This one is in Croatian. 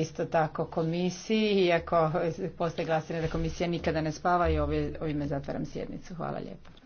Isto tako komisiji, iako postoje glasine da komisija nikada ne spava i ovime zatvaram sjednicu. Hvala lijepo.